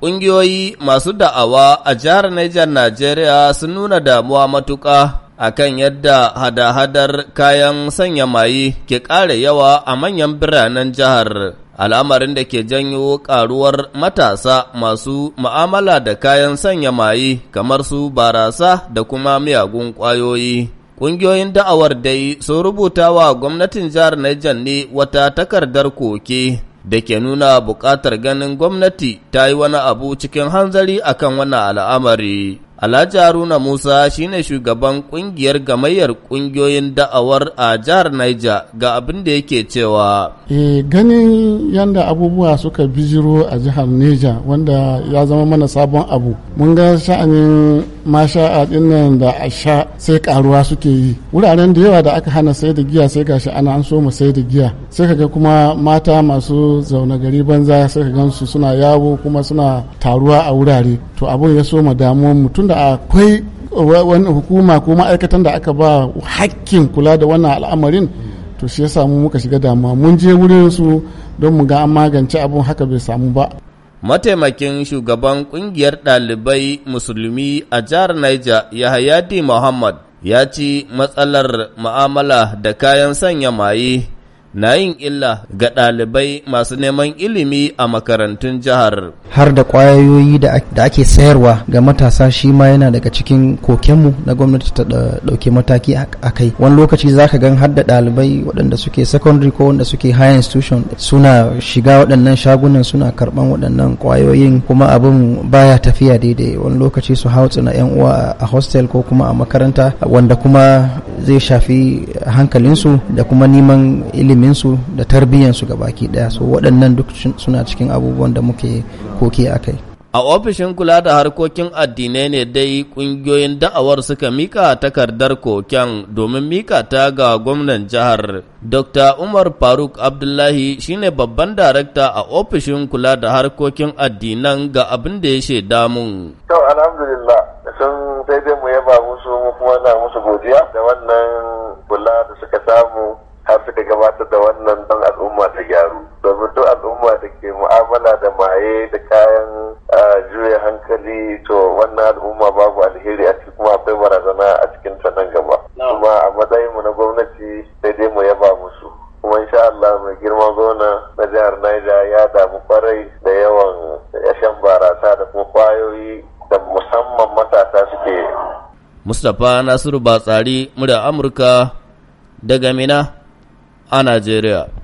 Ƙungiyoyi masu da'awa a jihar Niger Najeriya sun nuna damuwa matuƙa a kan yadda hada-hadar kayan sanya maye ke ƙara yawa a manyan biranen jihar. Al'amarin da ke janyo ƙaruwar matasa masu ma'amala da kayan sanya maye kamar su barasa da kuma miyagun ƙwayoyi. Ƙungiyoyin da'awar dai sun rubuta wa gwamnatin jihar Niger ne wata takardar koke. da ke nuna buƙatar ganin gwamnati ta yi wani abu cikin hanzari a kan wannan al'amari. Alhaji Haruna Musa shi ne shugaban ƙungiyar gamayyar ƙungiyoyin da'awar a jihar Niger ga abin da yake cewa. Eh, ganin yadda abubuwa suka bijiro a jihar Niger wanda ya zama mana sabon abu. Mun ga sha'anin masha a dinnan da a sha sai karuwa suke yi wuraren da yawa da aka hana sai da giya sai gashi ana an so mu sai da giya sai kaga kuma mata masu zaune gari banza sai ka gansu suna yawo kuma suna taruwa a wurare to abun ya so mu damuwar mu tunda akwai wani hukuma ko ma'aikatan da aka ba hakkin kula da wannan al'amarin to shi ya samu muka shiga damuwa mun je wurin su don mu ga an magance abun haka bai samu ba Mataimakin shugaban ƙungiyar ɗalibai musulmi a jihar Niger Yahayadi Muhammad ya ci matsalar ma'amala da kayan sanya maye na yin illa ga ɗalibai masu neman ilimi a makarantun jihar. Har da ƙwayoyi da ake sayarwa ga matasa shi ma yana daga cikin kokenmu na gwamnati ta ɗauke mataki a kai. Wani lokaci za ka gan har da ɗalibai waɗanda suke secondary ko wanda suke high institution suna shiga waɗannan shagunan suna karɓan waɗannan ƙwayoyin kuma abin baya tafiya daidai wani lokaci su tsina 'yan uwa a hostel ko kuma a makaranta wanda kuma zai shafi hankalinsu da kuma neman ilimi iliminsu da tarbiyyansu gabaki daya so waɗannan duk suna cikin abubuwan da muke koke a kai a ofishin kula da harkokin addinai ne dai ƙungiyoyin da'awar suka mika takardar koken domin mika ta ga gwamnan jihar dr umar faruk abdullahi shine babban darakta a ofishin kula da harkokin addinan ga abin da ya shaida mun alhamdulillah sai dai mu yaba musu mu kuma na musu godiya da wannan kula da suka samu har suka gabatar da wannan don al'umma ta gyaru domin duk al'umma da ke mu'amala da maye da kayan juya hankali to wannan al'umma babu alheri a cikin kuma akwai barazana a cikin ta nan gaba kuma a matsayin mu na gwamnati sai dai mu yaba musu kuma insha Allah mai girma gona na jihar Niger ya damu kwarai da yawan yashan barasa da kuma kwayoyi da musamman matasa suke Mustapha Nasiru Batsari, murya Amurka daga Mina. a Najeriya.